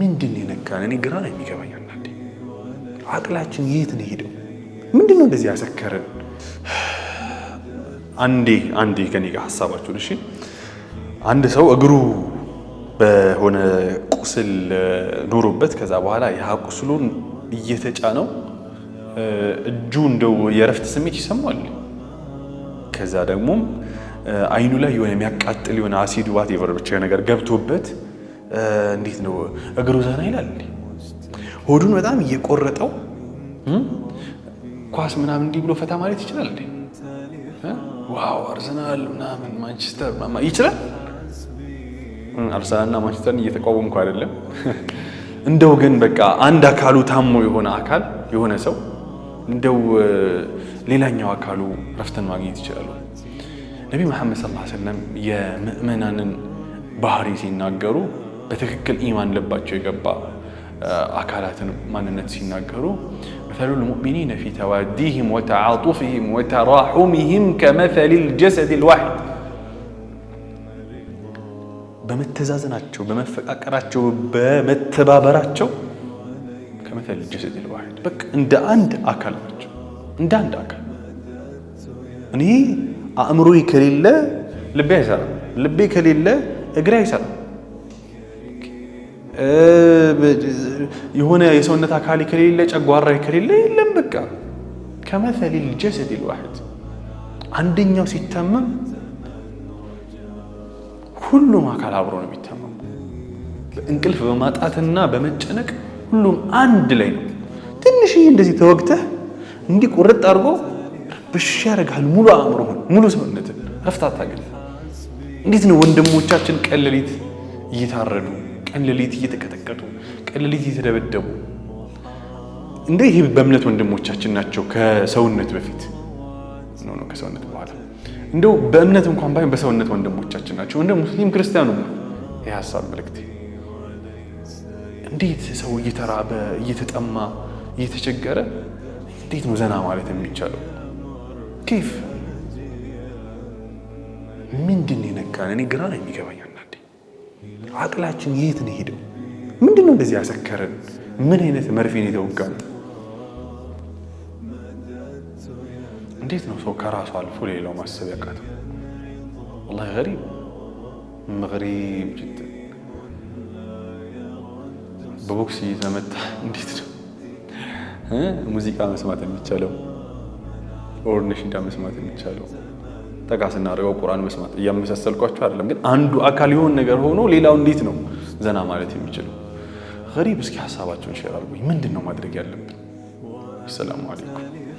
ምንድን ነው የነካን? እኔ ግራ ነው የሚገባኝ አንዳንዴ። አቅላችን የት ነው ሄደው? ምንድን ነው እንደዚህ ያሰከረን? አንዴ አንዴ ከኔ ጋር ሀሳባችሁን እሺ። አንድ ሰው እግሩ በሆነ ቁስል ኖሮበት ከዛ በኋላ ያ ቁስሉን እየተጫነው እጁ እንደው የእረፍት ስሜት ይሰማል። ከዛ ደግሞ አይኑ ላይ የሆነ የሚያቃጥል የሆነ አሲድ ዋት ብቻ ነገር ገብቶበት እንዴት ነው እግሩ ዘና ይላል ሆዱን በጣም እየቆረጠው ኳስ ምናምን እንዲህ ብሎ ፈታ ማለት ይችላል እንዴ? ዋው አርሰናል ምናምን ማንቸስተር ይችላል። አርሰናልና ማንቸስተርን እየተቋወምኩ አይደለም። እንደው ግን በቃ አንድ አካሉ ታሞ የሆነ አካል የሆነ ሰው እንደው ሌላኛው አካሉ ረፍትን ማግኘት ይችላሉ። ነቢ መሐመድ ሰለላሁ ዐለይሂ ወሰለም የምእመናንን ባህሪ ሲናገሩ በትክክል ኢማን ልባቸው የገባ አካላትን ማንነት ሲናገሩ መተሉ ልሙእሚኒነ ፊ ተዋዲህም ወተዓጡፍህም ወተራሑምህም ከመተል ልጀሰድ ልዋሒድ በመተዛዘናቸው በመፈቃቀራቸው በመተባበራቸው ከመተል ልጀሰድ ልዋሒድ በቃ እንደ አንድ አካል ናቸው። እንደ አንድ አካል እኔ አእምሮዬ ከሌለ ልቤ አይሰራም። ልቤ ከሌለ እግሬ አይሰራም። የሆነ የሰውነት አካል ከሌለ ጨጓራ ከሌለ የለም። በቃ ከመሰል ልጀሰድ ልዋሕድ አንደኛው ሲታመም ሁሉም አካል አብሮ ነው የሚታመሙ። እንቅልፍ በማጣትና በመጨነቅ ሁሉም አንድ ላይ ነው። ትንሽዬ እንደዚህ ተወግተህ እንዲህ ቁርጥ አድርጎ ብሽ ያደርግሃል። ሙሉ አእምሮህን፣ ሙሉ ሰውነትን ረፍት እንዴት ነው ወንድሞቻችን ቀለሊት እየታረዱ ቀን ሌሊት እየተቀጠቀጡ ቀን ሌሊት እየተደበደቡ እንደ ይህ በእምነት ወንድሞቻችን ናቸው። ከሰውነት በፊት ነው ከሰውነት በኋላ እንደው በእምነት እንኳን ባይሆን በሰውነት ወንድሞቻችን ናቸው። እንደ ሙስሊም ክርስቲያኑ ነው የሀሳብ መልእክት። እንዴት ሰው እየተራበ እየተጠማ እየተቸገረ እንዴት ነው ዘና ማለት የሚቻለው? ኬፍ ምንድን የነካን? እኔ ግራ ነው የሚገባኛል። አቅላችን የት ነው ሄደው? ምንድን ነው እንደዚህ ያሰከረን? ምን አይነት መርፌን የተወጋ ነው? እንዴት ነው ሰው ከራሱ አልፎ ሌላው ማሰብ ያቃተው? ወላሂ ገሪብ መሪብ ጅት በቦክስ እየተመታ እንዴት ነው ሙዚቃ መስማት የሚቻለው? ኦርነሽዳ መስማት የሚቻለው ጠቃ ስናደርገው ቁርአን መስማት እያመሳሰልኳቸው አይደለም፣ ግን አንዱ አካል የሆን ነገር ሆኖ ሌላው እንዴት ነው ዘና ማለት የሚችለው? ገሪብ እስኪ ሀሳባቸውን ሼር ምንድን ነው ማድረግ ያለብን? ሰላሙ አለይኩም